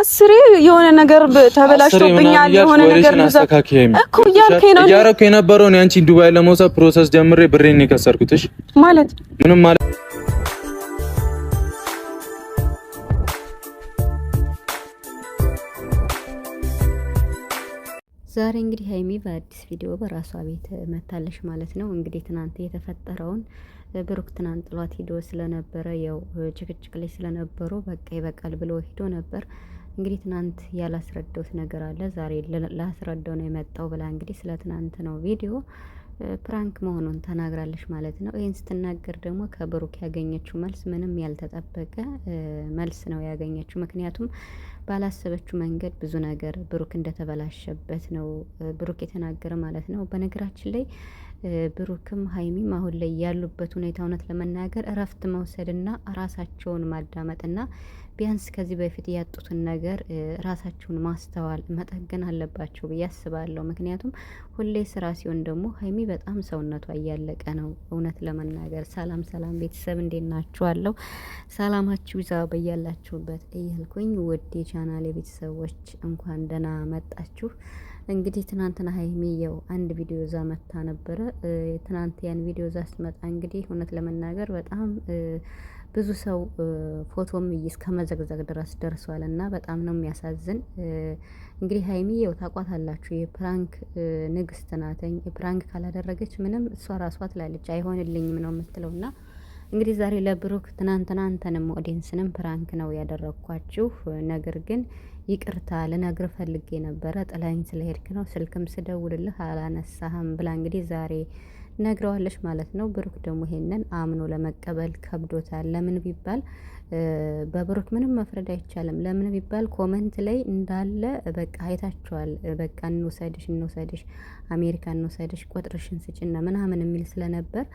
አስሬ የሆነ ነገር ተበላሽቶብኛል፣ የሆነ ነገር እኮ እያልከኝ ነው እያደረኩ የነበረውን የአንቺን ዱባይ ለመውሰድ ፕሮሰስ ጀምሬ ብሬን የከሰርኩት ማለት ምንም ማለት ዛሬ እንግዲህ ሀይሚ በአዲስ ቪዲዮ በራሷ ቤት መታለች ማለት ነው። እንግዲህ ትናንት የተፈጠረውን ብሩክ ትናንት ጥሏት ሂዶ ስለነበረ ያው ጭቅጭቅ ላይ ስለነበሩ በቃ ይበቃል ብሎ ሂዶ ነበር። እንግዲህ ትናንት ያላስረዳሁት ነገር አለ ዛሬ ላስረዳው ነው የመጣው ብላ እንግዲህ ስለ ትናንት ነው ቪዲዮ ፕራንክ መሆኑን ተናግራለች ማለት ነው። ይህን ስትናገር ደግሞ ከብሩክ ያገኘችው መልስ ምንም ያልተጠበቀ መልስ ነው ያገኘችው። ምክንያቱም ባላሰበችው መንገድ ብዙ ነገር ብሩክ እንደተበላሸበት ነው ብሩክ የተናገረ ማለት ነው። በነገራችን ላይ ብሩክም ሀይሚም አሁን ላይ ያሉበት ሁኔታ እውነት ለመናገር እረፍት መውሰድና ራሳቸውን ማዳመጥና ቢያንስ ከዚህ በፊት ያጡትን ነገር ራሳቸውን ማስተዋል መጠገን አለባቸው ብዬ አስባለሁ። ምክንያቱም ሁሌ ስራ ሲሆን ደግሞ ሀይሚ በጣም ሰውነቷ እያለቀ ነው እውነት ለመናገር። ሰላም ሰላም ቤተሰብ እንዴት ናችኋለሁ? ሰላማችሁ ይዛ በያላችሁበት እያልኩኝ ውድ የቻናሌ ቤተሰቦች እንኳን ደህና መጣችሁ። እንግዲህ ትናንትና ሀይሚ ያው አንድ ቪዲዮ ዛ መታ ነበረ። ትናንት ያን ቪዲዮ ዛ ስትመጣ እንግዲህ እውነት ለመናገር በጣም ብዙ ሰው ፎቶም እስከ መዘግዘግ ድረስ ደርሷል እና በጣም ነው የሚያሳዝን። እንግዲህ ሀይሚ ያው ታቋታላችሁ፣ የፕራንክ ንግስት ናተኝ። የፕራንክ ካላደረገች ምንም እሷ ራሷ ትላለች አይሆንልኝም ነው የምትለው እና እንግዲህ ዛሬ ለብሩክ ትናንትና አንተንም ኦዲንስንም ፕራንክ ነው ያደረግኳችሁ ነገር ግን ይቅርታ ልነግርህ ፈልጌ ነበረ ጥላኝ ስለሄድክ ነው። ስልክም ስደውልልህ አላነሳህም ብላ እንግዲህ ዛሬ ነግረዋለች ማለት ነው። ብሩክ ደግሞ ይሄንን አምኖ ለመቀበል ከብዶታል። ለምን ቢባል በብሩክ ምንም መፍረድ አይቻልም። ለምን ቢባል ኮመንት ላይ እንዳለ በቃ አይታችኋል። በቃ እንውሰድሽ እንውሰድሽ፣ አሜሪካ እንውሰድሽ፣ ቁጥርሽን ስጭና ምናምን የሚል ስለነበር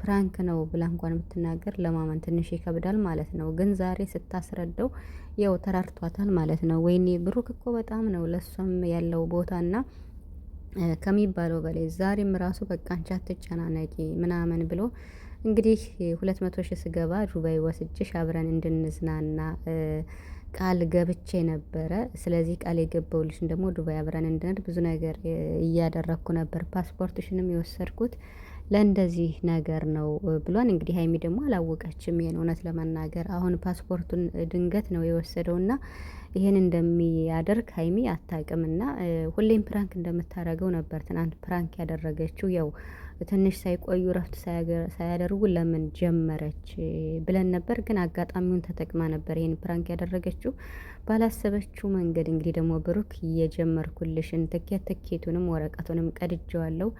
ፕራንክ ነው ብላ እንኳን ብትናገር ለማመን ትንሽ ይከብዳል ማለት ነው። ግን ዛሬ ስታስረዳው ያው ተራርቷታል ማለት ነው። ወይኔ ብሩክ እኮ በጣም ነው ለሷም ያለው ቦታና ከሚባለው በላይ ዛሬም ራሱ በቃ አንቺ አትጨናነቂ ምናምን ብሎ እንግዲህ ሁለት መቶ ሺህ ስገባ ዱባይ ወስጅሽ አብረን እንድንዝናና ቃል ገብቼ ነበረ። ስለዚህ ቃል ልሽን ደግሞ ዱባይ አብረን እንድንሄድ ብዙ ነገር እያደረግኩ ነበር። ፓስፖርትሽንም የወሰድኩት ለእንደዚህ ነገር ነው ብሏን። እንግዲህ ሀይሚ ደግሞ አላወቀችም። ይሄን እውነት ለመናገር አሁን ፓስፖርቱን ድንገት ነው የወሰደውና ይሄን እንደሚያደርግ ሀይሚ አታውቅምና ሁሌም ፕራንክ እንደምታደርገው ነበር ትናንት ፕራንክ ያደረገችው ያው ትንሽ ሳይቆዩ እረፍት ሳያደርጉ ለምን ጀመረች ብለን ነበር። ግን አጋጣሚውን ተጠቅማ ነበር ይህን ፕራንክ ያደረገችው ባላሰበችው መንገድ። እንግዲህ ደግሞ ብሩክ የጀመርኩልሽን ትኬት ትኬቱንም ወረቀቱንም ቀድጀዋለው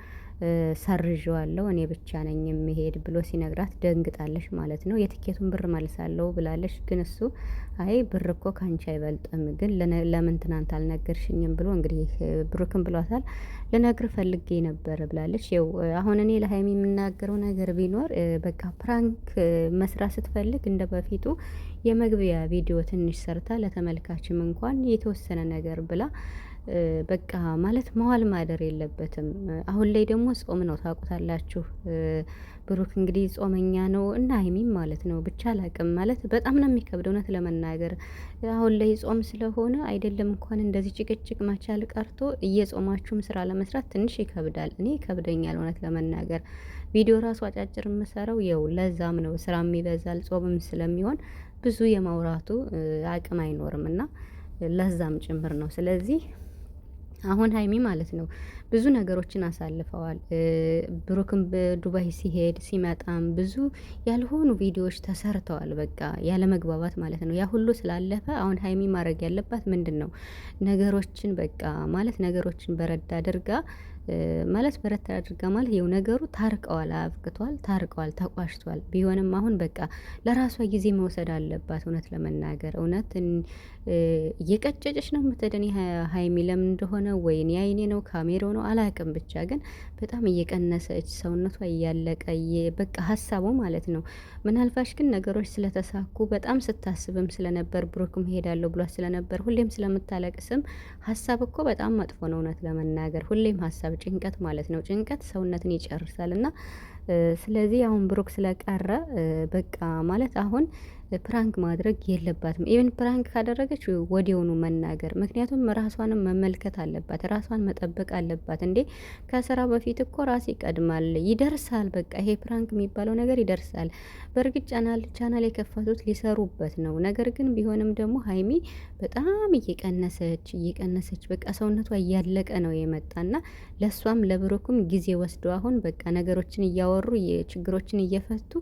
ሰርዤዋለሁ እኔ ብቻ ነኝ የምሄድ ብሎ ሲነግራት ደንግጣለች ማለት ነው። የትኬቱን ብር መልሳለሁ ብላለች። ግን እሱ አይ ብር እኮ ካንቺ አይበልጥም፣ ግን ለምን ትናንት አልነገርሽኝም ብሎ እንግዲህ ብሩክን ብሏታል። ልነግር ፈልጌ ነበር ብላለች። ው አሁን እኔ ለሀይሚ የምናገረው ነገር ቢኖር በቃ ፕራንክ መስራት ስትፈልግ እንደ በፊቱ የመግቢያ ቪዲዮ ትንሽ ሰርታ ለተመልካችም እንኳን የተወሰነ ነገር ብላ በቃ ማለት መዋል ማደር የለበትም። አሁን ላይ ደግሞ ጾም ነው ታውቁታላችሁ። ብሩክ እንግዲህ ጾመኛ ነው እና ሀይሚም ማለት ነው። ብቻ አላቅም ማለት በጣም ነው የሚከብድ እውነት ለመናገር አሁን ላይ ጾም ስለሆነ አይደለም እንኳን እንደዚህ ጭቅጭቅ መቻል ቀርቶ እየጾማችሁም ስራ ለመስራት ትንሽ ይከብዳል። እኔ ይከብደኛል እውነት ለመናገር ቪዲዮ ራሱ አጫጭር የምሰራው የው ለዛም ነው ስራም ይበዛል ጾምም ስለሚሆን ብዙ የማውራቱ አቅም አይኖርም እና ለዛም ጭምር ነው ስለዚህ አሁን ሀይሚ ማለት ነው ብዙ ነገሮችን አሳልፈዋል። ብሩክም በዱባይ ሲሄድ ሲመጣም ብዙ ያልሆኑ ቪዲዮዎች ተሰርተዋል። በቃ ያለ መግባባት ማለት ነው። ያ ሁሉ ስላለፈ አሁን ሀይሚ ማድረግ ያለባት ምንድን ነው? ነገሮችን በቃ ማለት ነገሮችን በረዳ አድርጋ ማለት በረት አድርጋ ማለት ይኸው ነገሩ ታርቀዋል፣ አብቅቷል፣ ታርቀዋል፣ ተቋሽቷል። ቢሆንም አሁን በቃ ለራሷ ጊዜ መውሰድ አለባት። እውነት ለመናገር እውነት እየቀጨጨች ነው የምትደን ሀይሚ ለምን እንደሆነ ወይን የአይኔ ነው ካሜሮ ነው ነው አላቅም። ብቻ ግን በጣም እየቀነሰች ሰውነቷ እያለቀ በቃ ሀሳቡ ማለት ነው። ምናልባሽ ግን ነገሮች ስለተሳኩ በጣም ስታስብም ስለነበር ብሩክም ሄዳለሁ ብሏት ስለነበር ሁሌም ስለምታለቅስም ሀሳብ እኮ በጣም መጥፎ ነው እውነት ለመናገር ሁሌም ሀሳብ ጭንቀት ማለት ነው። ጭንቀት ሰውነትን ይጨርሳል እና ስለዚህ አሁን ብሩክ ስለቀረ በቃ ማለት አሁን ፕራንክ ማድረግ የለባትም። ኢቨን ፕራንክ ካደረገች ወዲያውኑ መናገር፣ ምክንያቱም ራሷንም መመልከት አለባት፣ ራሷን መጠበቅ አለባት። እንዴ ከስራ በፊት እኮ ራስ ይቀድማል። ይደርሳል፣ በቃ ይሄ ፕራንክ የሚባለው ነገር ይደርሳል። በእርግጥ ቻናል ቻናል የከፈቱት ሊሰሩበት ነው። ነገር ግን ቢሆንም ደግሞ ሀይሚ በጣም እየቀነሰች እየቀነሰች በቃ ሰውነቷ እያለቀ ነው የመጣና ለእሷም ለብሩክም ጊዜ ወስዶ አሁን በቃ ነገሮችን እያወሩ ችግሮችን እየፈቱ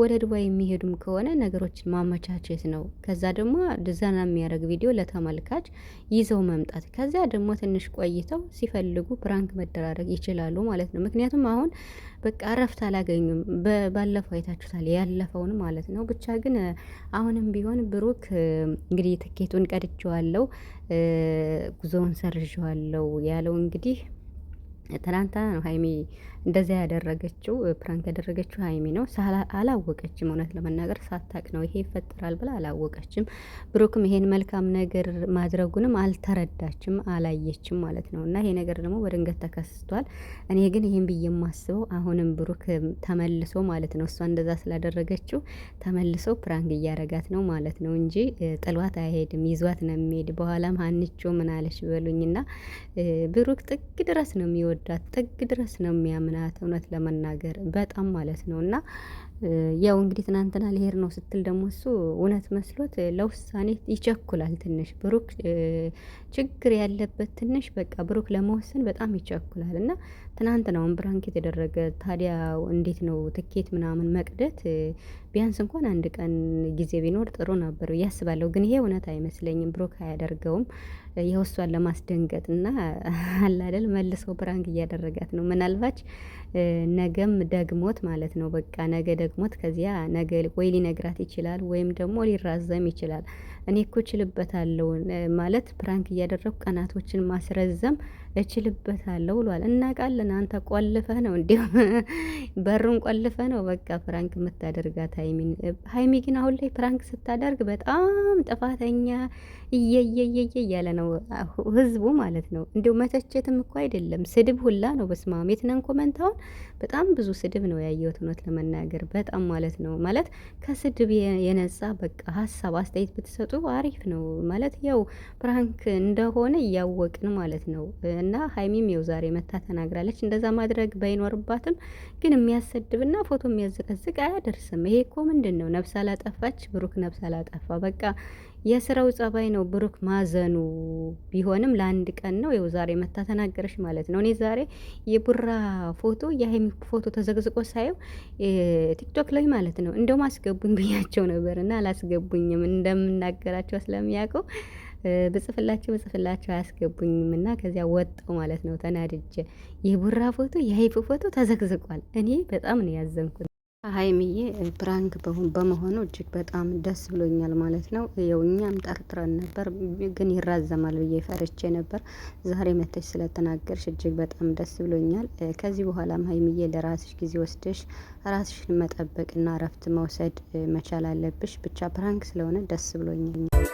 ወደ ዱባይ የሚሄዱም ከሆነ ነገሮችን ማመቻቸት ነው። ከዛ ደግሞ ዘና የሚያደርግ ቪዲዮ ለተመልካች ይዘው መምጣት፣ ከዚያ ደግሞ ትንሽ ቆይተው ሲፈልጉ ፕራንክ መደራረግ ይችላሉ ማለት ነው። ምክንያቱም አሁን በቃ እረፍት አላገኙም። ባለፈው አይታችሁታል፣ ያለፈውን ማለት ነው። ብቻ ግን አሁንም ቢሆን ብሩክ እንግዲህ ትኬቱን ቀድቼዋለሁ፣ ጉዞውን ሰርዤዋለሁ ያለው እንግዲህ ትናንትና ነው ሀይሜ እንደዚያ ያደረገችው ፕራንክ ያደረገችው ሀይሚ ነው። አላወቀችም፣ እውነት ለመናገር ሳታቅ ነው ይሄ ይፈጠራል ብላ አላወቀችም። ብሩክም ይሄን መልካም ነገር ማድረጉንም አልተረዳችም፣ አላየችም ማለት ነው። እና ይሄ ነገር ደግሞ በድንገት ተከስቷል። እኔ ግን ይሄን ብዬ የማስበው አሁንም ብሩክ ተመልሶ ማለት ነው እሷ እንደዛ ስላደረገችው ተመልሶ ፕራንክ እያረጋት ነው ማለት ነው እንጂ ጥሏት አይሄድም፣ ይዟት ነው የሚሄድ። በኋላም ሀንቾ ምናለች በሉኝና ብሩክ ጥግ ድረስ ነው የሚወዳት፣ ጥግ ድረስ ነው የሚያምን ናት እውነት ለመናገር በጣም ማለት ነው እና ያው እንግዲህ ትናንትና ልሄድ ነው ስትል ደግሞ እሱ እውነት መስሎት ለውሳኔ ይቸኩላል። ትንሽ ብሩክ ችግር ያለበት ትንሽ በቃ ብሩክ ለመወሰን በጣም ይቸኩላል እና ትናንት ነው ብራንኬት የተደረገ። ታዲያ እንዴት ነው ትኬት ምናምን መቅደት ቢያንስ እንኳን አንድ ቀን ጊዜ ቢኖር ጥሩ ነበር እያስባለሁ። ግን ይሄ እውነት አይመስለኝም። ብሩክ አያደርገውም። የውሷን ለማስደንገጥ እና አላደል መልሰው ብራንክ እያደረጋት ነው። ምናልባች ነገም ደግሞት ማለት ነው በቃ ነገ ደግሞት ከዚያ ነገ ወይ ሊነግራት ይችላል ወይም ደግሞ ሊራዘም ይችላል። እኔ እኮ እችልበታለሁ ማለት ፕራንክ እያደረኩ ቀናቶችን ማስረዘም እችልበታለሁ ብሏል። እናውቃለን። አንተ ቆልፈህ ነው እንዲሁም በሩን ቆልፈህ ነው በቃ ፕራንክ የምታደርጋት ሀይሚን። ሀይሚ ግን አሁን ላይ ፕራንክ ስታደርግ በጣም ጥፋተኛ እየየየየ እያለ ነው ህዝቡ ማለት ነው። እንዲሁ መተቸትም እኮ አይደለም ስድብ ሁላ ነው። በስማም የትነን ኮመንታውን በጣም ብዙ ስድብ ነው ያየሁት። እውነት ለመናገር በጣም ማለት ነው ማለት ከስድብ የነጻ በቃ ሀሳብ አስተያየት ብትሰጡ አሪፍ ነው ማለት ያው ፕራንክ እንደሆነ እያወቅን ማለት ነው። እና ሀይሚም የው ዛሬ መታ ተናግራለች። እንደዛ ማድረግ ባይኖርባትም ግን የሚያሰድብና ፎቶ የሚያዘቀዝቅ አያደርስም። ይሄ እኮ ምንድን ነው? ነብስ አላጠፋች ብሩክ ነብስ አላጠፋ በቃ የስራው ጸባይ ነው ብሩክ ማዘኑ ቢሆንም ለአንድ ቀን ነው። ይኸው ዛሬ መታ ተናገረሽ ማለት ነው። እኔ ዛሬ የቡራ ፎቶ የሀይሚ ፎቶ ተዘግዝቆ ሳየው ቲክቶክ ላይ ማለት ነው እንደውም አስገቡኝ ብያቸው ነበር እና አላስገቡኝም እንደምናገራቸው ስለሚያውቀው ብጽፍላቸው ብጽፍላቸው አያስገቡኝም እና ከዚያ ወጣው ማለት ነው ተናድጄ። የቡራ ፎቶ የሀይፍ ፎቶ ተዘግዝቋል። እኔ በጣም ነው ያዘንኩት። ሀይሚዬ ፕራንክ በመሆኑ እጅግ በጣም ደስ ብሎኛል ማለት ነው። ያው እኛም ጠርጥረን ነበር ግን ይራዘማል ብዬ ፈርቼ ነበር። ዛሬ መተሽ ስለተናገርሽ እጅግ በጣም ደስ ብሎኛል። ከዚህ በኋላም ሀይሚዬ ለራስሽ ጊዜ ወስደሽ ራስሽን መጠበቅና እረፍት መውሰድ መቻል አለብሽ። ብቻ ፕራንክ ስለሆነ ደስ ብሎኛል።